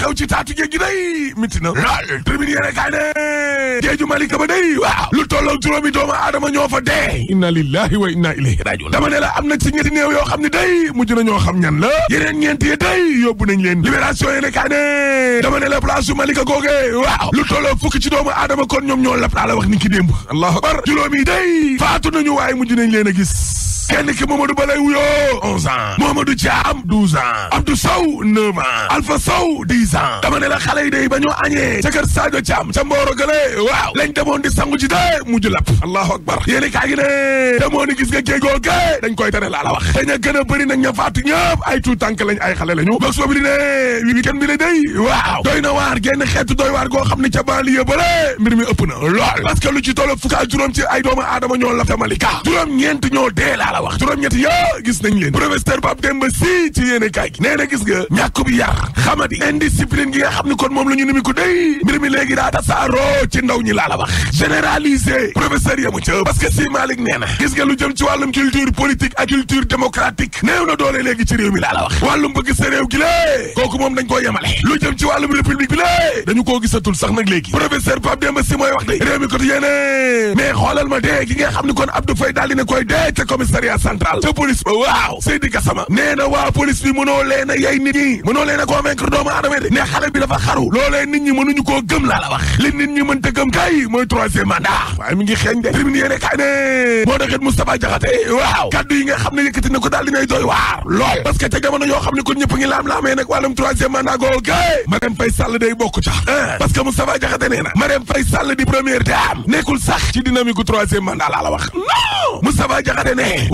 xew ci taatu géej gi day miti na lool tribune yéene kaay ne géeju Malika ba day waaw lu tolloo juróomi doomu aadama ñoo fa dee inna lillahi wa inna ilayhi dama ne la am na ci ñetti yoo xam ne day mujj na ñoo xam ñan la yeneen ñeent yi day yóbbu nañ leen libération yéene kaay ne dama ne la place su Malika googe waaw lu tolloo fukki ci doomu aadama kon ñoom ñoo lap daa wax ni ki démb allahu akbar juróomi day faatu nañu waaye mujj nañ leen a gis kenn ki Mamadou Ba lay wuyoo onze ans Mamadou Thiam douze ans Abdou Sow neuf ans Alpha Sow dix ans dama ne la xale yi dey ba ñoo añee ca kër Sadio Thiam ca Mboro Gale waaw lañ demoon di sangu ji de mujj lapp allahu akbar yéeni kaa gi ne demoon ni gis nga géegoo ke dañ koy tere laa la wax daña gën a bëri nag ña faatu ñëpp ay tuut tànk lañ ay xale lañu bos boobu li ne week-end bi la waaw doy na waar genn xeetu doy waar goo xam ne ca banlieue bale mbir mi ëpp na lu ci tollu fukk ci ay doomu aadama ñoo la ta Malika juróom ñeent ñoo la laa wax juróom-ñetti yaa gis nañ leen professeur Pape Demba ci yéene kaay gi nee gis nga ñàkkub yar xamadi indiscipline gi nga xam ne kon moom la ñu nimi ko day mbir mi léegi daa tasaaroo ci ndaw ñi laa wax généralisé professeur yamu ca parce que si Malick nee gis nga lu jëm ci wàllum culture politique ak culture démocratique néew na doole léegi ci réew mi laa la wax wàllum bëgg sa réew gi lée kooku moom dañ koo yemale lu jëm ci wàllum république bi lée dañu commissariat ca police ba waaw Seydi Gassama nee na waa police bi mënoo leen a yey nit ñi mënoo leen a convaincre doomu aadama yi ne xale bi dafa xaru loolee nit ñi mënuñu koo gëm laa la wax li nit ñi mënta gëm kay mooy troisième mandat waaye mi ngi xeeñ de tribune yéene kay ne moo taxit Moustapha Diakhaté waaw kaddu yi nga xam ne yëkkati ko daal dinay doy waar lool parce que ca yoo xam ne kon ñëpp ngi laam-laamee nag wàllum troisième mandat googu nee na Marème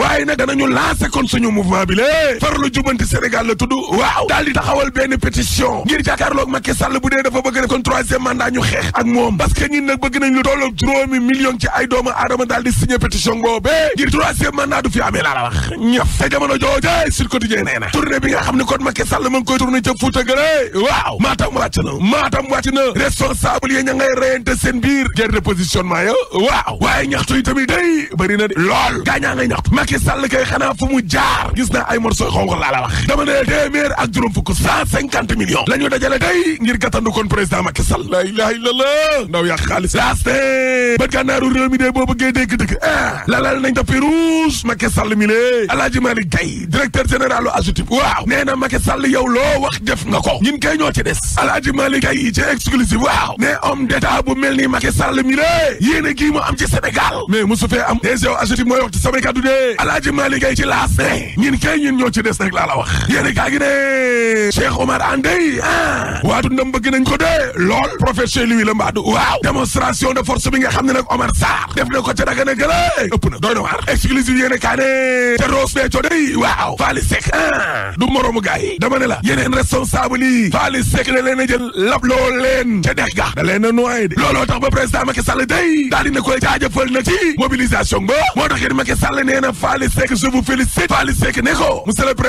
waaye nag danañu lancé kon suñu mouvement bi lé farlu jubanti Sénégal la tudd waaw daal di taxawal benn pétition ngir jàkkaarloog Macky Sall bu dee dafa bëgg ne kon troisième mandat ñu xeex ak moom parce que ñun nag bëgg nañ lu tolloog juróomi million ci ay doomu aadama daal di signé pétition boobee ngir troisième mandat du fi laa la wax ñëf te jamono jooje sur quotidien nee na tournée bi nga xam ne kon Macky Sall ma ngi koy tourné ca Fouta Gueye waaw maatam wàcc na waaw waaye Macky Sall kay na ay morceau xonq laa la wax dama ne la ñu a tey ngir kon président Macky Sall la ilaha illallah ndaw yàq xaalis laaste bët gànnaaru réew mi de ah mi lée Alaaji Malick Gaye directeur général u AGETIP waaw nee na Macky Sall yow loo wax def nga ko ñin kay ñoo ci des Alaaji Malick Gaye ci exclusive waaw ne homme d'état bu mel ni Macky Sall mi lée yéen a gii mu am ci Sénégal mais mosu fee am des yow AGETIP mooy wax ci samay kaddu dee alaaji Malick Gueye ci laas ne ñin kay ñin ñoo ci des rek laa la wax yéen kaa gi ne Cheikh Omar Andey ah waa dundam bëgg nañ ko de lool professeur Louis Lambaadou waaw démonstration de force bi nga xam ne Omar Sarr def na ko ca Dagana gëla ëpp na doy na waar exclusive yéen kaa ne ca Roos Béthio day waaw Faly Seck ah, du moroomu gars dama ne la yeneen responsable yi Faly Seck da leen a jël lab loo leen ca dex ga da leen a noyé de looloo tax ba président Macky Sall Faly Seck je vous félicite Faly Seck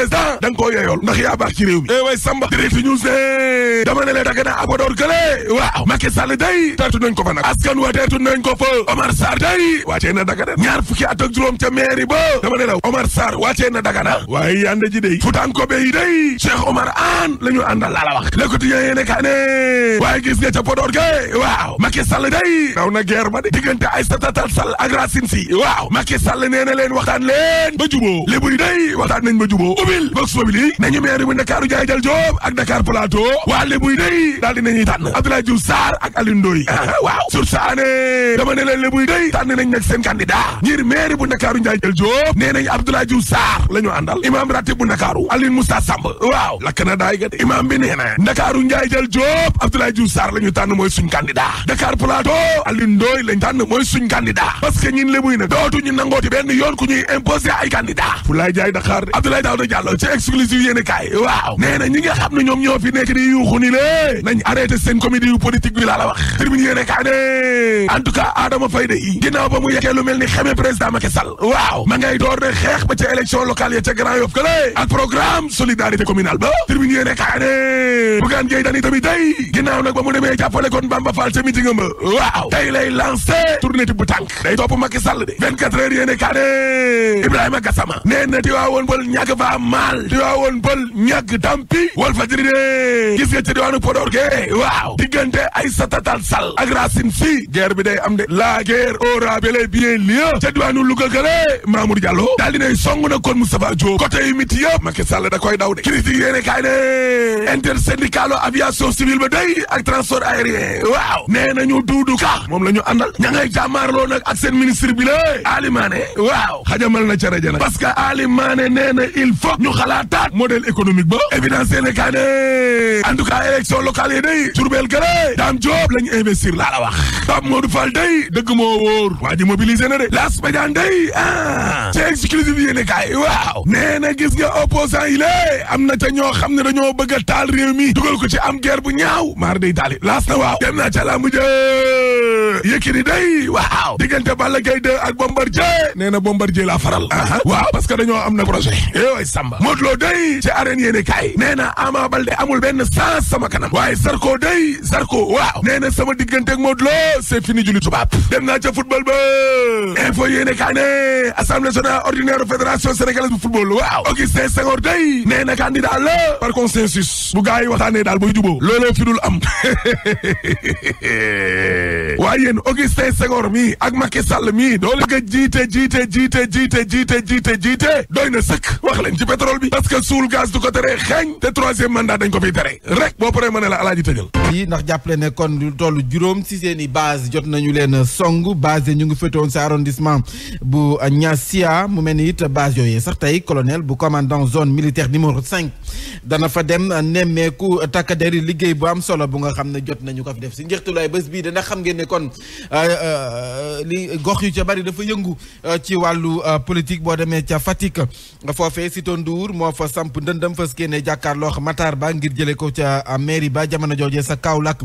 da nga koo yeyool ndax yaa baax ci réew mi eh way Samba direct news ne dama ne la daga na abadoor gële waaw Macky Sall day teertu nañ ko fa nag askan wa teertu nañ ko fa Omar Sarr day wàccee na daga na ñaar fukki juróom ca mairie ba dama ne la Omar Sarr wàccee na daga na waaye ji day futankobe yi day Cheikh Omar Anne la ñu àndal laa la wax Le Quotidien yéene ka ne gis nga ca Podor ge waaw Macky Sall leen ba juboo lébu yi day waxtaan nañ ba juboo ubil vox populi nañu maire bu Ndakaaru Ndiaye Jaal Joob ak Dakar Plateau waa lébu day daal dinañuy tànn Abdoulaye Diouf Sarr ak Alioune Ndoye waaw sur dama ne leen lébu day tànn nañ nag seen candidat ngir bu Ndakaaru Ndiaye Jaal Joob nee nañ Abdoulaye Diouf Sarr la ñu àndal imaam ratib bu Ndakaaru Alioune Moussa Samb waaw lakk na imaam bi nee Ndakaaru Ndiaye Jaal Joob Abdoulaye Diouf Sarr la tànn mooy suñ candidat Dakar Plateau Alioune Ndoye lañ parce que ñin lébu yi benn yoon imposé ay candidat fu laay jaay Dakar de Abdoulaye Daouda Diallo ci exclusive yéen kaay waaw nee na ñi nga xam ne ñoom ñoo fi nekk di yuuxu ni lé nañ arrêté seen comédie yu politique bi laa la wax termine yéen kaay ne Adama Faye de ginnaaw ba mu yekkee lu mel ni xamee président Macky Sall waaw ma ngay door de xeex ba ca élection locale ya ca Grand Yoff kale ak programme solidarité communale ba termine yéen kaay ne Bougane Gueye day ginnaaw nag ba mu demee jàppale kon Ibrahima Gassama nee na Tiwaawoon Pël ñàkk fa maal Tiwaawoon Pël ñàkk tampi wal fajri ne gis nga ci diwaanu Podor ke waaw diggante Aïssata Tall Sall ak Racine Sy guerre bi day am de la guerre aura bel et bien lieu ca diwaanu Louga gële Mamour Diallo daal dinay song na kon Moustapha Diop côté yu miti yëpp Macky Sall da koy daw de critique yéene kaay ne intersyndicalu aviation civile ba day ak transport aérien waaw nee nañu duudu ka moom la ñu àndal ña ngay jàmmaarloo nag bi jëmmal na ca rajo nag parce que Ali Mané nee il faut ñu xalaataat modèle économique ba évidence yéene kaa ne en tout cas élection day Jurbel gële Dame Diop lañu investir laa la wax Pape Modou Fall day dëgg moo wóor waa ji mobilisé na de Las Badiane day ah ci exclusive yéene kaay waaw nee na gis nga opposant yi lée am na ca ñoo xam ne dañoo bëgg a taal réew mi dugal ko ci am guerre bu ñaaw maar day taali laas na waaw dem naa ca laa mujj Yékini day waaw diggante Balla Gaye 2 ak Bombardier faral aha waaw parce que dañoo am na projet eh yooyu Samba Modou Lo day ci arène yéene kaay nee na Ama Baldé amul benn sens sama kanam waaye Zarko day Zarko waaw nee sama diggante ak Modou Lo c'est fini julli tubaab dem naa ca football ba info yéene kaay ne assemblée générale ordinaire fédération sénégalaise bu football waaw Augustin Senghor day nee na candidat la par consensus bu gars yi waxtaanee daal buy juboo looloo fi dul am waaye yéen Augustin mi ak Macky jiite jiite jiite jiite doy na sëkk wax leen ci pétrole bi parce que suul gaz du ko tere xeeñ te troisième mandat dañ ko fiy tere rek boo paree mën ne la alaaji tëjal yi ndax jàppale kon lu toll juróom si seen i base jot nañu leen song base ñu ngi féetoon si arrondissement bu Niassia mu mel ni it base yooyu sax tey colonel bu commandant zone militaire numéro cinq dana fa dem nemmeeku takkader yi liggéey bu am solo bu nga xam ne jot nañu ko def si njëxtulaay bés bii dana xam ngeen ne kon euh, euh, li gox yu ca bari dafa yëngu euh, ci wàllu politique boo demee ca Fatick foofee Sitor Ndour moo fa samp ndëndëm fas yéene jàkkaarloo Matar Ba ngir jëlee ko ca mairie ba jamono jooje sa Kaolack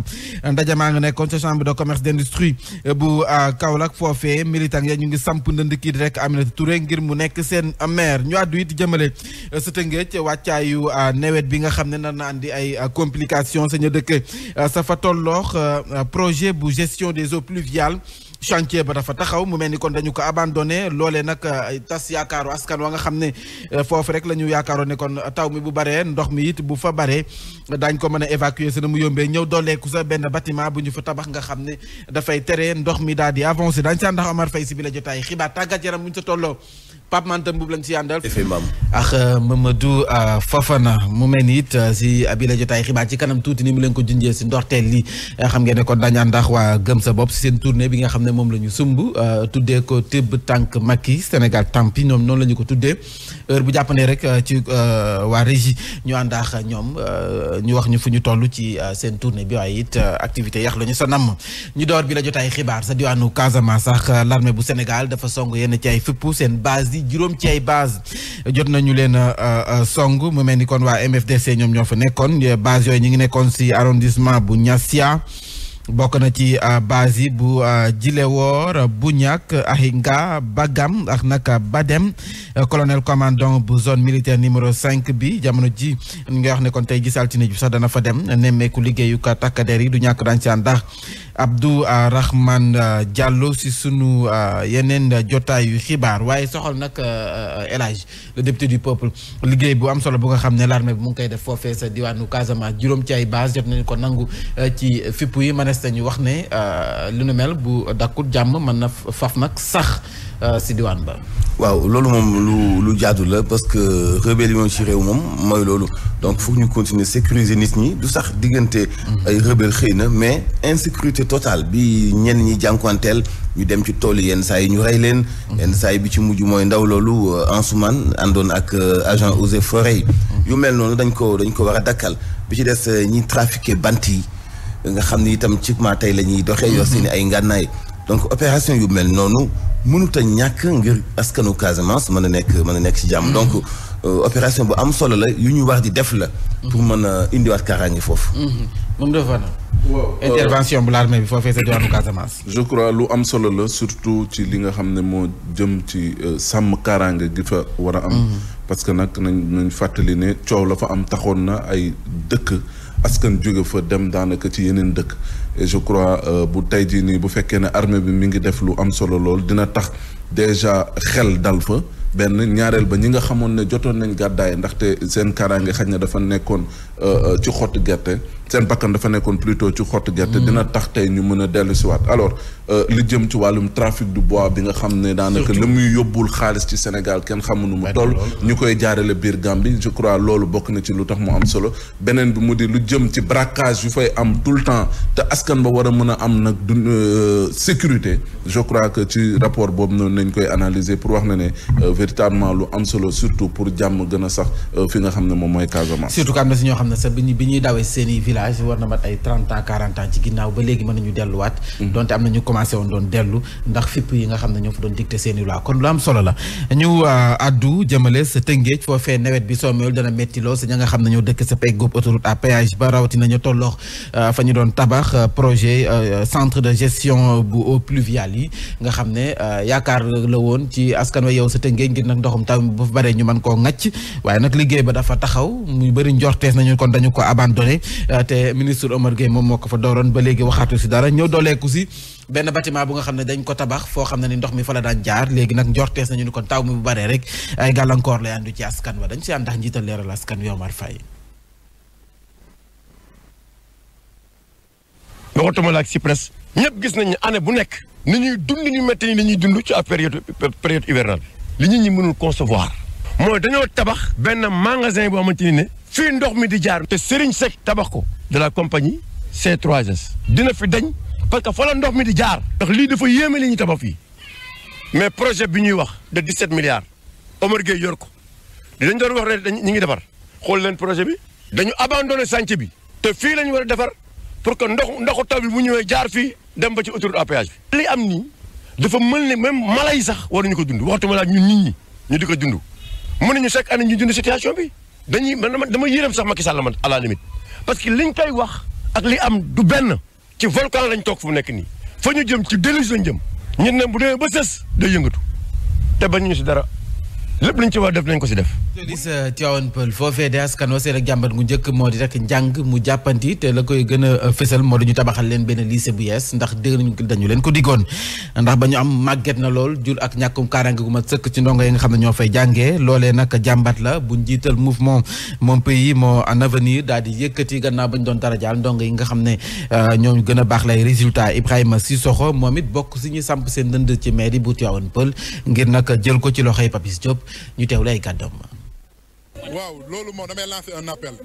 ndaje maa ngi nekkoon ca chambre de commerce d'industrie bu euh, Kaolack foofee militant ya ñu ngi samp ndënd kii rek Aminata ture ngir mu nekk seen maire ñu àddu it jëmale euh, sa Tëngéej wàccaayu euh, nawet bi nga xam ne nar na andi ay complications saña dëkk sa fa tolloox projet bu gestion des eaux pluviales chantier ba dafa taxaw mu mel ni kon dañu ko abandonné loole nag tas yaakaaru askan wa nga xam ne euh, foofu rek la ñu yaakaaroon ne kon taw mi bu baree ndox mi it bu fa baree daañ ko mën a évacuer sina mu yombee ñëw ku sa benn bâtiment bu ñu fa tabax nga xam ne dafay tere ndox mi daal di avancé daañu sa ndax Omar Faye si bi la jotaay xibaar tàggat yaram bu ñu sa tolloo Pape Mantan boobu lañ si àndal. ak euh, Mamadou euh, Fofana mu mel ni it euh, si bii la jotaay xibaar ci kanam tuuti ni mu leen ko junjee si ndorteel li xam ngeen ne kon daañu ànd ak waa Gëm sa bopp si seen tournée bi nga xam ne moom la ñu sumb tuddee ko tibb tànk Macky Sénégal tampi ñoom noonu la ñu ko tuddee heure bu jàppandee rek ci waa régie ñu ànd ak ñoom ñu wax ñu fu ñu toll ci seen tournée bi waaye it activité yax lañu sa namm ñu door bi la jotaay xibaar sa diwaanu Casamance sax l'armée bu Sénégal dafa song yenn ci ay fippu seen base yi yi juróom ci base jot nañu leen euh, euh, song mu mel ni kon waa MFDC ñoom ñoo fa nekkoon base yooyu ñu ngi nekkoon si arrondissement bu Niassia bokk na ci ah, base yi bu ah, Djilewoor bu ñàkk Ahinga Bagam ak nag dem eh, colonel commandant bu zone militaire numéro 5 bi jamono ji ñu ngi wax ne kon tey gisal ci ne bi sax dana fa dem nemmeeku liggéeyuka takkadeer yi du ñàkk daan ci ànd ndax Abdou ah, Rahman Diallo si sunu yeneen jotaayu xibaar waaye soxal nag eh, eh, El Hadj le député du peuple liggéey bu am solo bu nga xam ne l'armée bi mu ngi koy def foofee sa diwaanu Casamance juróom ci ay base jot nañu ko nangu ci fipp MNES dañu wax ne euh, lu nu mel bu dakkut jàmm mën na faf nag sax euh, si diwaan ba. waaw loolu moom lu lu jaadu la parce que rébellion ci réew moom mooy loolu donc foog ñu continuer sécuriser nit ñi du sax diggante. ay rebelle xëy na mais insécurité totale bi ñenn ñi jànkuwanteel ñu dem ci tool yi yenn saa yi ñu rey leen. yenn saa bi ci mujj mooy ndaw loolu euh, Ansoumane àndoon ak agent eaux et forêt yu mel noonu dañ ko dañ ko war a dakkal bi ci des ñi trafiqué bant yi. nga xam ni itam ci ma tey la ñuy doxee. yor ni ay ngànnaay. donc opération yu mel noonu mënut a ñàkk ngir askanu Casamance mën a nekk mën a nekk ci jàmm. Mm-hmm. donc euh, opération bu am solo la yu ñu war di def la. Mm-hmm. pour mën a indiwaat kaaraange foofu. Mm-hmm. moom dafa na. waaw euh, bu l'armée bi foofee sa diwaanu je crois lu am solo la surtout ci li nga xam ne moo jëm ci euh, sàmm kaaraange gi fa war a am. parce que nag nañ nañ fàttali ne coow la fa am taxoon na ay dëkk. askan jóge fa dem daanaka ci yeneen dëkk et je crois euh, bu tey jii nii bu fekkee ne armée bi mi ngi def lu am solo lool dina tax déjà xel dal fa benn ñaareel ba ñi nga xamoon ne jotoon nañ gàddaay ndaxte seen kaaraange xaj na dafa nekkoon euh, euh, ci xottu gerte seen bakkan dafa nekkoon plutôt ci xottu gerte. Mm. dina tax tey ñu mën a dellu si waat alors euh, li jëm ci wàllum trafic du bois bi nga xam ne daanaka la muy yóbbul xaalis ci Sénégal kenn xamuñu mu toll ñu koy jaarale biir Gambie je crois loolu bokk na ci lu tax mu am solo beneen bi mu di lu jëm ci braquage yu fay am tout le temps te askan ba war a mën a am nag du euh, sécurité je crois que ci rapport boobu noonu nañ koy analyser pour wax na ne euh, véritablement lu am solo surtout pour jàmm gën a sax fi nga xam ne moom mooy Casamance. village war na mat ay trente ans quarante ans ci ginnaaw ba léegi mën nañu delluwaat. donte am na ñu commencé woon doon dellu ndax fipp yi nga xam ne ñoo fa doon dicté seen i loi kon lu am solo la ñu euh, addu jëmale sa tëngeej fee nawet bi soo mayul dana métti lool sa ña nga xam ne ñoo dëkk sa pegg góob autoroute à ba rawatina ñu tolloo euh, fa ñu doon tabax euh, projet centre de gestion bu eaux pluviales yi nga xam ne yaakaar la woon ci askan wa yow sa tëngeej ngir nag ndoxum taw bu baree ñu mën koo ŋàcc waaye nag liggéey ba dafa taxaw muy bëri njortees kon dañu ko abandonné te ministre Omar Gueye moom moo ko fa dooroon ba léegi waxaatu si dara ñëw dooleeku si benn bâtiment bu nga xam ne dañ ko tabax foo xam ne ni ndox mi fa la daan jaar léegi nag njortees nañu ni kon taw mi bu baree rek ay gàllankoor lay àndu ci askan wa dañ si ànd ndax njiital leeral askan wi Omar Faye waxatuma la ak Sipres ñëpp gis nañ ne année bu nekk ni ñuy dund ñu métti ni ñuy dund ci période période hivernale li ñu ñi mënul concevoir mooy dañoo tabax benn magasin boo xamante ni ne fii ndox mi di jaar te Serigne Seck tabax ko de la compagnie C3S dina fi dañ parce que fa la ndox mi di jaar ndax lii dafa yéeme li ñu tabax fii mais projet bi ñuy wax de 17 milliards Omar Gueye yor ko dinañ doon wax rek ñu ngi defar xool leen projet bi dañu abandonné chantier bi te fii la ñu war a defar pour que ndox ndoxu taw bi mu ñëwee jaar fii dem ba ci autoroute à péage bi li am nii dafa mel ni même mala yi sax waruñu ko waxtu waxtuma laa ñun nit ñi ñu di ko dund mënuñu chaque année ñu dund situation bi dañuy man dama yërëm sax Macky Sall man à la limite parce que liñ koy wax ak li am du benn ci volcan lañ toog fu mu nekk nii fa ñu jëm ci déluge lañ jëm ñun ne bu demee ba sës day yëngatu te ñu si dara. lépp luñ ci war def nañ ko si def. jolis euh, Tivaouane Peulh de askan seen ak jàmbat gu njëkk moo di rek njàng mu jàppanti te la koy gën a euh, fësal moo dañu tabaxal leen benn se bu yees ndax dégg nañu dañu leen ko diggoon ndax ba ñu am màgget na lool jur ak ñàkkum kaaraange gu ma sëkk ci ndongo yi nga xam ne ñoo fay jàngee loolee nag jàmbat la bu njiital mouvement mon pays en avenir daal di yëkkati gannaaw ba ñu doon dara jaal ndongo yi nga xam ne euh, ñoo gën a lay résultat Ibrahima Sissoko moom it bokk si ñu samp seen dënd ci mairie bu Tivaouane Peulh ngir nag jël ko ci loxoy Papis Diop ñu teewlu ay kàddoom waaw loolu moom damay lancer un appel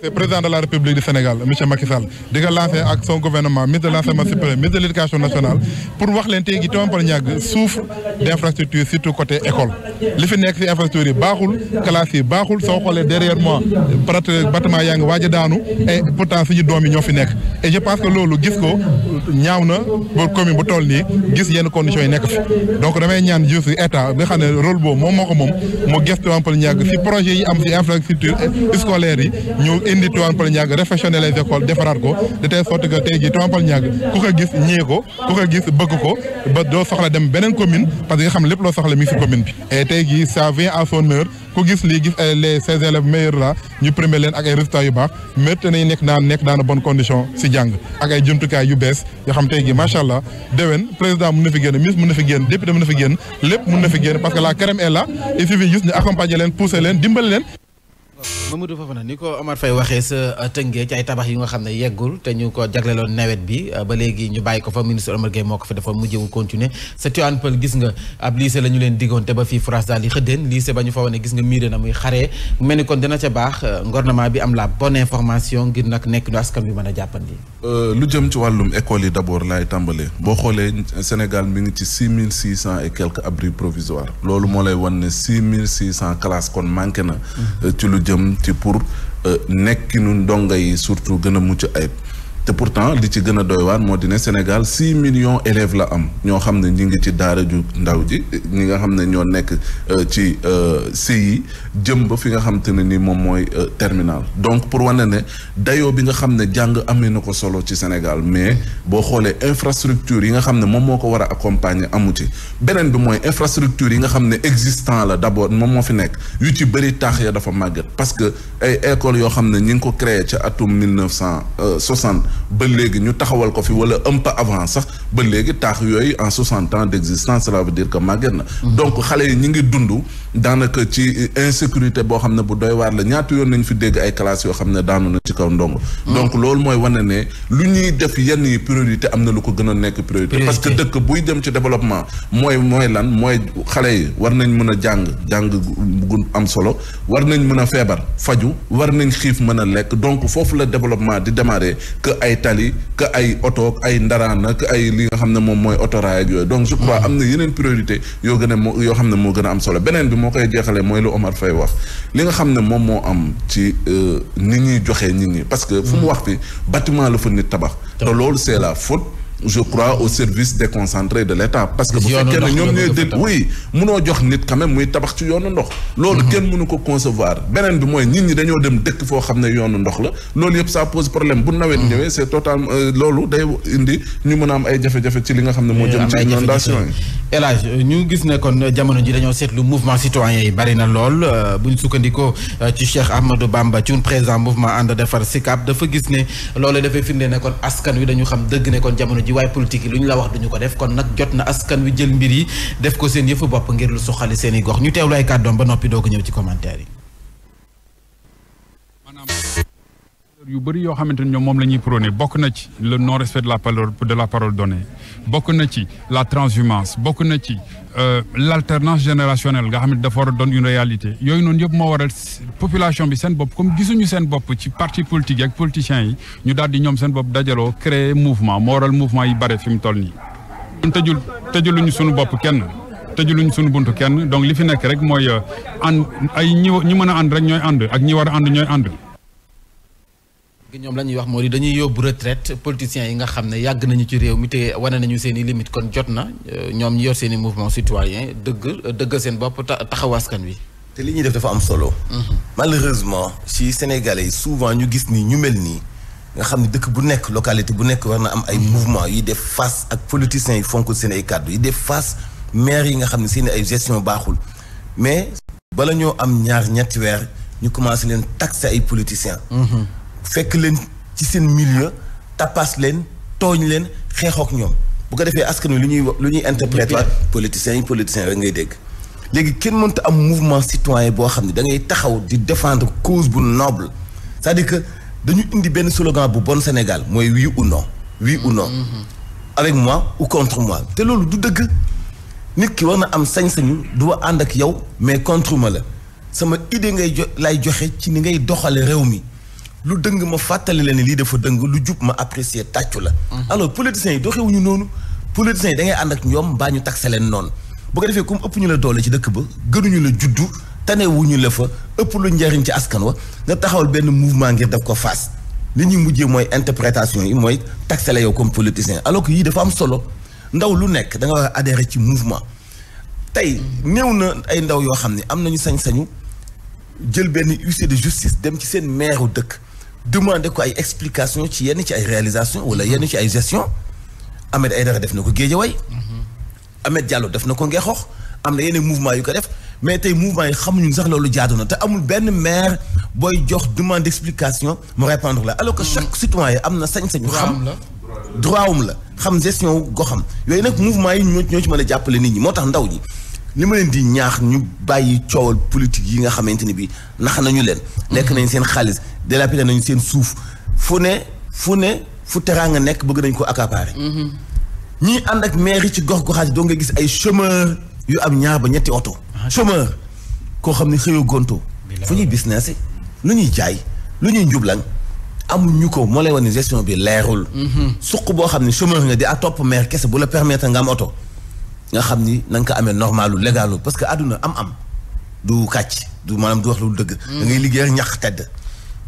te président de la république du Sénégal monsieur Macky Sall di ko lancé ak son gouvernement ministre de l'enseignement supérieur ministre de l'éducation nationale pour wax leen tey suuf d'infrastructure surtout côté école li fi nekk ci infrastructure yi baaxul classes yi baaxul soo xoolee derrière moi peut yaa ngi waaj a daanu et pourtant suñu doom yi ñoo fi nekk je pense que loolu gis ko ñaaw na ba commune bu toll nii gis yenn conditions yi nekk fi donc damay ñaan juste état bi xam ne rôle moo indi Tivaouane Peulh Niaga réfectionner les écoles defaraat ko de telle sorte que tey jii Tivaouane Peulh ku ko gis ñee ko ku ko gis bëgg ko ba doo soxla dem beneen commune parce que xam lépp loo soxla mi ngi commune bi et tey jii ça vient à son heure ku gis lii gis eh, les ses élèves meilleurs là ñu premier leen ak ay résultats yu baax mérite nañu nekk naan nekk daana bonne condition si jàng ak ay jumtukaay yu bees yoo xam tey jii macha allah déwén président mun na fi génn ministre mun na fi génn député na fi génn lépp mun na fi génn parce que la crème leen Mamadou Fofana ni ko Omar Faye waxee sa uh, tëngee ci ay tabax yi nga xam ne yeggul te ñu ko jagleloon nawet bi uh, ba léegi ñu bàyyi ko fa ministre Omar Gueye moo ko fa defoon mujjewul continuer sa Tivaouane Peulh gis nga ab lycée la leen diggoon te ba fii France daal di xëddeen lycée ba ñu fa wane gis nga miire na muy xaree mel ni kon dina ca baax uh, gouvernement bi am la bonne information ngir nag nekk nu askan bi mën a jàppandi euh, lu jëm ci wàllum école yi d'abord boo xoolee Sénégal mi ngi ci six mille cent et quelques abris provisoires moo lay wan ne six mille six cent classes kon ci pour euh, nekkinu ndongo yi surtout gën a mucc ayib te pourtant li ci gën a doy waar moo dina Sénégal six million élèves la am ñoo xam ne ñi ngi ci daara ju ndaw ji ñi nga xam ne ñoo nekk euh, ci euh, CI jëm ba fi nga xam ne ni moom mooy euh, terminal donc pour wane ne dayoo bi nga xam ne jàng amee na ko solo ci Sénégal mais boo xoolee infrastructure yi nga xam ne moom moo ko war a accompagner amu ci beneen bi mooy infrastructure yi nga xam ne existant la d'abord moom moo fi nekk yu ci bëri taax ya dafa màgget parce que ay école yoo xam ne ñi ngi ko créé ca atum mille neuf cent soixante ba léegi ñu taxawal ko fi wala un peu avant sax ba léegi taax yooyu en soixante ans d' existence cela veut dire que màgget na mm-hmm. donc xale yi ñu ngi dundu daanaka ci insécurité boo xam ne bu doy waar la ñaata yoon nañ fi dégg ay classes yoo xam ne daanu na ci kaw ndongo. donc loolu mooy wane ne lu ñuy def yenn yi priorité am na lu ko gën a nekk priorité. parce que dëkk buy dem ci développement mooy mooy lan mooy xale yi war nañ mën a jàng jàng gu am solo war nañ mën a feebar faju war nañ xiif mën a lekk donc foofu la développement di démarrer que ay tali que ay oto ay ndaraan ak ay li nga xam ne moom mooy autoraay ak yooyu hmm. am na yeneen priorité yoo gën a moo xam ne moo gën am solo beneen bi moo koy jeexalee mooy lu Omar Faye wax li nga xam ne moom moo am ci euh, ni ñuy joxe nit ñi parce que fu mu mm. wax fi bâtiment la fa nit tabax te loolu c'est la faute je crois au service déconcentré de l'État parce que bu fekkee ne ñoom ñooy dégg oui munoo jox nit quand muy tabax ci yoonu ndox loolu mhm. kenn mënu ko concevoir beneen bi mooy nit ñi dañoo dem dëkk foo xam ne yoonu ndox la loolu yëpp ça pose problème bu nawet mhm. ñëwee c'est total euh, loolu day indi ñu mën a am ay jafe-jafe ci li nga xam ne moo eh, jëm ci inondation yi El Hadj ñu gis ne kon jamono ji dañoo seetlu mouvement citoyen yi bari lool euh, bu ñu waaye politique yi lu ñu la wax duñu ko def kon nag jot na askan wi jël mbir yi def ko seen yëfu bopp ngir lu suqali seen i gox ñu teew ay kàddoom ba noppi doo ko ñëw ci commentaire yi. yu bëri yoo xamante ne ñoom moom la ñuy prôné bokk na ci le non respect de la parole de la parole donnée bokk na ci la transhumance bokk na ci euh, l' alternance nga xam ne dafa war a doon une réalité yooyu noonu yëpp moo waral population bi seen bopp comme gisuñu seen bopp ci parti politique ak politiciens yi ñu daal di ñoom seen bopp dajaloo créer mouvement moo waral mouvement yi bare fi mu toll nii. ñun tëjul ñu suñu bopp kenn. tëjuluñ suñu buntu kenn donc li fi nekk rek mooy euh, ànd ay ñi mën a ànd rek ñooy ànd ak ñi war ànd ñooy ànd ñoom la ñuy wax moo di dañuy yóbbu retraite politiciens yi nga xam ne yàgg nañu ci réew mi te wane nañu seen i kon jot na euh, ñoom ñu yor seen i mouvement citoyen dëgg euh, dëgg seen bopp taxaw askan wi. te li ñuy def dafa am solo. Mhm. malheureusement si Sénégalais yi souvent ñu gis ni ñu mel nii nga xam ne dëkk bu nekk localité bu nekk war na am ay mouvement yi def face ak politiciens yi fonk seen ay kàddu yi def face maire yi nga xam ne seen ay gestion baaxul mais bala ñoo am ñaar ñetti weer ñu commencé leen taxer ay politiciens. Mhm. fekk leen ci seen milieu tapas leen tooñ leen xeexook ñoom bu ko defee askan wi lu ñuy lu ñuy interpréter politiciens yi politiciens rek ngay dégg léegi kenn mënta am mouvement citoyen boo xam ne da ngay taxaw di défendre cause bu noble cest à que dañu indi benn slogan bu bon Sénégal mooy oui ou non oui ou non mm-hmm. avec moi ou contre moi te loolu du dëgg nit ki war na am sañ-sañu duwa ànd ak yow mais contre ma la sama idée ngay jo lay joxe ci ni ngay doxale réew mi lu dëng ma fàttali la ne lii dafa dëng lu jub ma apprécier tàccu la. Mhm. alors politiciens yi doxewuñu noonu. politiciens yi da ngay ànd ak ñoom baa ñu taxé leen noonu bu ko defee comme ëpp ñu la doole ci dëkk ba gënuñu la juddu tanewuñu la fa ëpp lu njariñ ci askan wa nga taxawal benn mouvement ngir def ko fas li ñuy mujjee mooy interprétation yi mooy taxé la yow comme politicien alors yii dafa am solo ndaw lu nekk da nga war a adhéré ci mouvement. tey mhm. néew na ay ndaw yoo xam ne am nañu sañ-sañu jël benn huissier de justice dem ci seen maire dëkk. demandé ko ay explication ci yenn ci ay réalisation wala yenn ci ay gestion Ahmed Aïdara def na ko Guédiawaye Ahmed Diallo def na ko Ngexox am na yeneen mouvement yu ko def mais tey mouvement yi xamuñu sax loolu jaadu na te amul benn maire booy jox demande d'explication mu répondre la alors que chaque citoyen am na sañ-sañu xam droit wum la xam gestion goxam yooyu nag mouvement yi ñoo ñoo ci mën a jàppale nit ñi moo tax ndaw ñi li ma leen di ñaax ñu bàyyi coowal politique yi nga xamante ni bi nax nañu leen lekk nañ seen xaalis délapidé nañu seen suuf fu ne fu ne fu teraanga nekk bëgg nañ ko accaparer ñii ànd ak maire yi ci gox goxaat doo nga gis ay chômeur yu am ñaar ba ñetti oto ah, chômeur koo xam ne xëyoo gontoo fu ñuy business lu ñuy jaay lu ñuy njublang amuñu ko moo lay wane gestion bi leerul mhm. suq boo xam ne chômeur nga di a topp maire kese bu la permettre nga am nga xam ni na nga ko amee normalu légalu parce que àdduna am-am du kàcc du maanaam du wax lu dëgg. Mm. da ngay liggéey ñax tedd.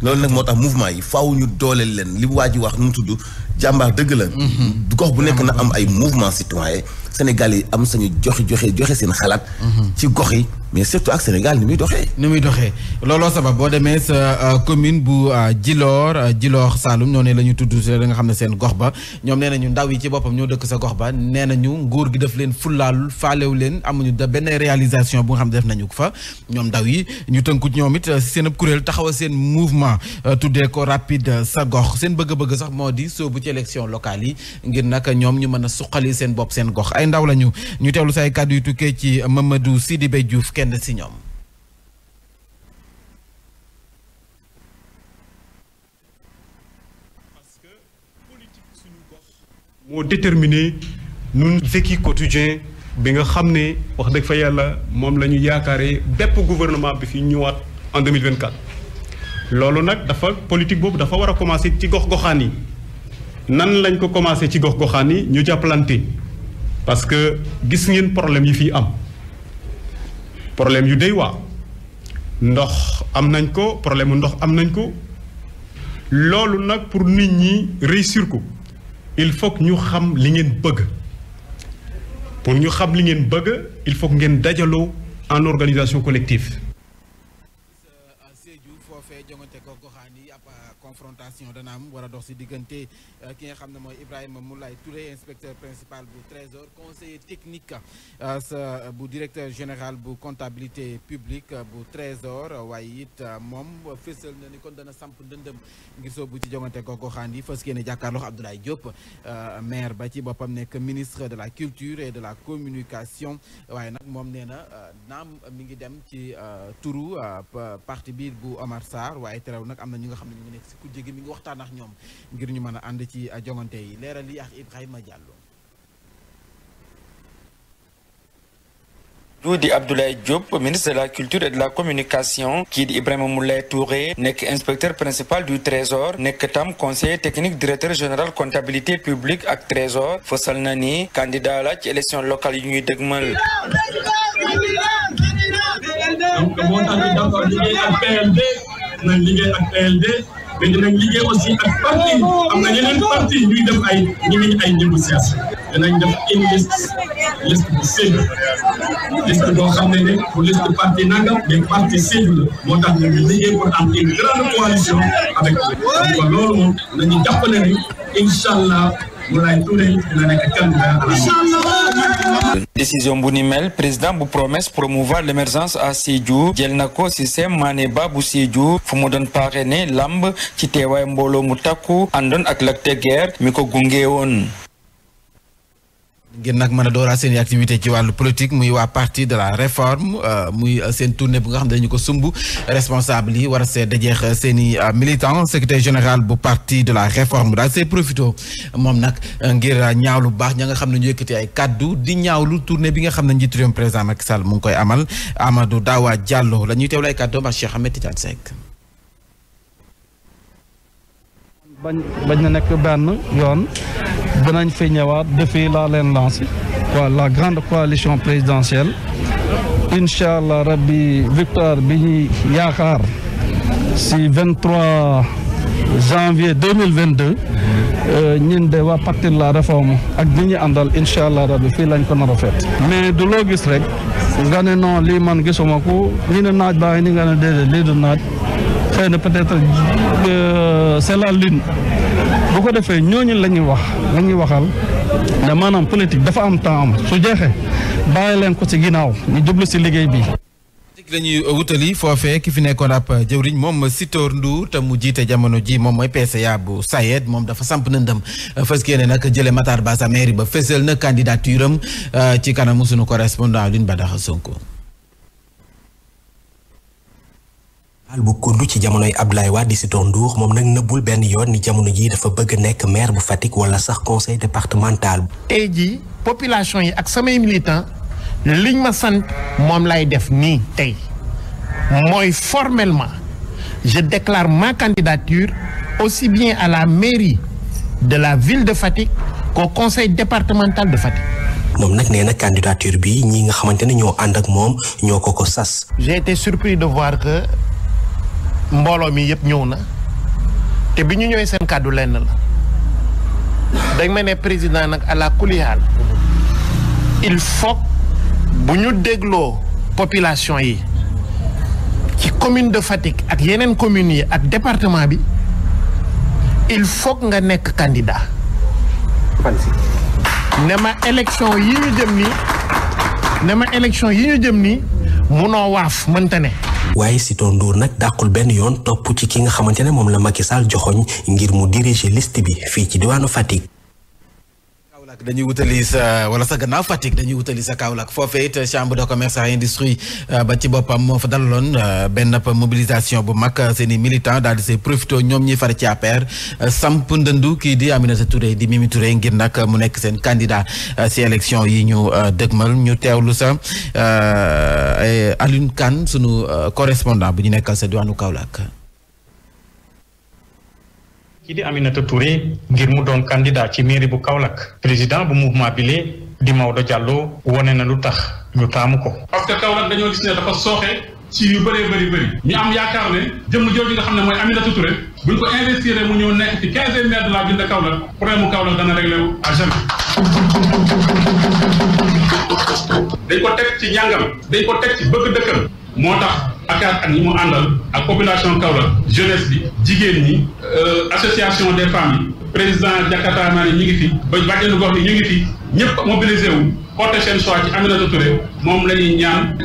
loolu nag moo tax mouvement yi faw ñu dooleel leen li waa ji wax nu mu tudd jàmbaar dëgg la. Mm-hmm. gox bu nekk na am ay mouvement citoyen Sénégal yi am sañu joxe joxe joxe seen xalaat. Mm-hmm. ci gox mais surtout ak Sénégal ni muy doxee. ni muy doxee looloo sabab boo demee sa euh, commune bu euh, Djilor euh, Djilor Saloum ñoo ne la ñu tudd si la nga xam ne seen gox ba ñoom nee nañu ndaw yi ci boppam ñoo dëkk sa gox ba nee nañu nguur gi daf leen fullaalul faalew leen amuñu da benn réalisation bu nga xam ne def nañu ko fa ñoom ndaw yi ñu tënk ñoom it seen ab kuréel taxawal seen mouvement tuddee ko rapide sa gox seen bëgg-bëgg sax moo di soobu ci élection locale yi ngir nag ñoom ñu mën a suqali seen bopp seen gox ay ndaw ñu kenn ci ñoom moo déterminé nun vécu quotidien bi nga xam ne wax dëgg fa yàlla moom la ñu yaakaaree bépp gouvernement bi fi ñëwaat en 2024 loolu nag dafa politique boobu dafa war a commencé ci gox-goxaan yi nan lañ ko commencé ci gox-goxaan yi ñu jàppalante parce que gis ngeen problème yi fi am problème yu day waa ndox am nañ ko problème ndox am nañ ko loolu nag pour nit ñi réussir ko il faut ñu xam li ngeen bëgg pour ñu xam li ngeen bëgg il faut ngeen dajaloo en organisation collective confrontation dana am war a dox si diggante euh, ki nga xam ne mooy Ibrahima Moulay Touré inspecteur principal bu trésor conseiller technique euh, bu directeur général bu comptabilité publique bu trésor waaye it euh, moom fësal na ni kon dana samp ndëndëm ngir bu ci jongante kooku xaan yi fas yéene jàkkaarloo Abdoulaye Diop maire ba ci boppam nekk ministre de la culture et de la communication waaye nag moom nee na naam mi ngi dem ci turu parti biir bu Omar Sarr waaye terew nag am na ñi nga xam ne ñu ngi si ku jege mi ak ñoom ngir ñu mën a ànd ci ah, jongante yi leeral yi ak Ibrahima Diallo. du di Abdoulaye Diop ministre de la culture et de la communication kii di Ibrahima Moulay Touré nekk inspecteur principal du trésor nekk tam conseiller technique directeur général comptabilité publique ak trésor fësal na ni candidat la ci élection locale yu ñuy dëgmal. donc boo PLD. mais dinañ liggéey aussi ak parti am na yeneen parti ñuy def ay ñu ngi ay négociation dinañ def une liste liste bu cible liste boo xam ne ne pour liste parti nangam mais parti cible la moo tax ñu ngi liggéey pour am une grande coalition avec donc loolu moom nañu ne ni incha allah Moulay Touré dina nekk candidat à décision bu ni mel président bu promesse promouvoir l'émergence à Sédhiou jël na ko ci sem Mané Ba bu Sédhiou fu mu doon parrainé lamb ci teewaay mbooloo mu takku àndoon ak Lac de Guiers gunge woon ngeen nag mën a dooraa seen i activité ci wàllu politique muy waa parti de la réforme euh, muy euh, seen tournée bu nga xam ne dañu ko sumb responsable yi war a see dajeex euh, seen i militant secrétaire général bu parti de la réforme daal see profito moom nag ngir ñaawlu lu baax ña nga xam ne ñu yëkkati ay kàddu di ñaaw lu tournée bi nga xam ne njiitu réewum président Macky Sall mu ngi koy amal Amadou Dawa Diallo la ñuy teewlu ay kaddoom ak Cheikh Ahmed Tidiane Seck bañ bañ na nekk benn yoon danañ fi ñëwaat defi laa leen lancé quoi la grande coalition présidentielle incha allah rabbi victoire bi ñuy yaakaar si 23 janvier 2022 euh, ñun de waa parti de la réforme ak ñi ñu àndal incha allah rabbi fii lañ ko nar a fet mais du loo gis rek nga ne non lii man gisuma ko ñi ne naaj baa ngi nga ne déedéet lii du naaj xëy na peut-être euh, c'est la lune bu ko defee ñooñu la ñuy wax la ñuy waxal ne maanaam politique dafa am temps am su jeexee bàyyi leen ko ci ginnaaw ñu jublu ci liggéey bi. lañuy wutali foofee ki fi nekkoon ab jëwriñ moom Sitor Ndour te mu jiite jamono jii moom mooy PCA bu SAED moom dafa samp na ndëm fas yéene nag jële Matar Ba sa mairie ba fësal na candidature am euh, ci kanamu sunu ko correspondant Alioune Badara Sonko al bu kund ci jamonoy Abdoulaye Wade di Sitor Ndour moom nag nëbbul benn yoon ni jamono jii dafa bëgg nekk maire bu Fatick wala sax conseil départemental. tey jii population yi ak samay militant liñ ma sant moom lay def nii tey mooy formellement je déclare ma candidature aussi bien à la mairie de la ville de Fatick qu'au conseil départemental de Fatick. moom nag nee na candidature bi ñi nga xamante ne ñoo ànd ak moom ñoo ko ko sas. j'ai été surpris mbooloo mi yëpp ñëw na te bi ñu ñëwee seen kàddu lenn la dañ ma ne président nag à la kulihaal il faut bu ñu dégloo population yi ci commune de Fatick ak yeneen communes yi ak département bi il faut nga nekk candidat ne ma élection yi ñu jëm nii ne ma élection yi jëm nii munoo waaf mënta ne waaye Sitor Ndour nag dàqul benn yoon topp ci ki nga xamante ne moom la Macky Sall joxoñ ngir mu diriger liste bi fii ci diwaanu Fatick dañuy wutali sa wala sa gannaaw Fatick dañuy wutali sa Kaolack foofee it chambre de commerce et industrie euh, ba ci boppam moo fa dal dalaloon euh, benn mobilisation bu mag euh, seen i militant daal di say profité ñoom ñuy far ci APR samp ndëndu kii di sa Touré di Mimi Touré ngir nag mu nekk seen candidat si élection yi ñu dëgmal ñu teewlu sa Alioune Kane sunu correspondant bu ñu nekkal sa diwaanu Kaolack. kii di Aminata Touré ngir mu doon candidat ci mairie bu Kaolack président bu mouvement bile di Maodo jàlloo wone na lu tax ñu taamu ko. parce que Kaolack dañoo gis ne dafa sooxe ci yu bëree bëri bëri ñu am yaakaar ne jëmm jooju nga xam ne mooy Aminata Touré bu ñu ko investir mu ñëw nekk ci quinzième maire de la ville problème mu Kaolack dana réglé wu dañ ko teg ci njàngam dañ ko teg ci bëgg dëkkam. moo tax ACAT ak ñi mu àndal ak population Kaolack jeunesse bi jigéen ñi euh, association des femmes yi président Jakarta naa ne ñu ngi fi ba bàjjenu gox yi ñu ngi fi ñëpp mobilisé wu porté seen choix ci moom la ñuy ñaan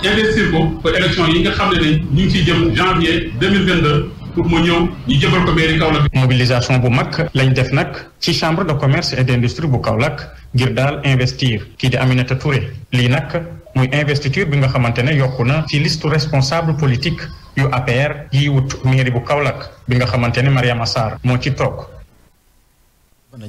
ñu ngi ciy jëm janvier deux mille vingt mu ñëw ñu jëfal ko mairie Kaolack. mobilisation bu mag lañ def nag ci chambre de commerce et d' industrie bu Kaolack ngir daal investir kii di Aminata Touré lii nag. muy investiture bi nga xamante ne yokku na ci list responsable politique yu APR yi wut mairie bu Kaolack bi nga xamante ne Mariama Sarr moo ci toog.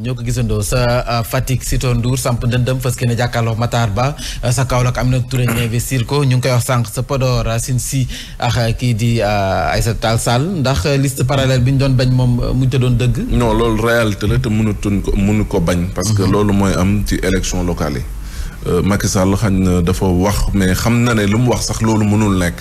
ñoo ko gisandoo sa euh, Fatick Sitor Ndour samp dëndëm fas yéene jàkkaarloo Matar Ba euh, sa Kaolack am na Touré ñu investir ko ñu ngi koy wax sànq sa Podor Racine euh, si ak kii di Aïssata Tall Sall ndax liste parallèle bi ñu doon bañ moom mu doon dëgg. non loolu réalité la te mënatuñ ko mënu ko bañ. parce que mhm. loolu mooy am ci élection locale yi. Euh, Macky Sall xañ na dafa wax mais xam na ne lu mu wax sax loolu mënul nekk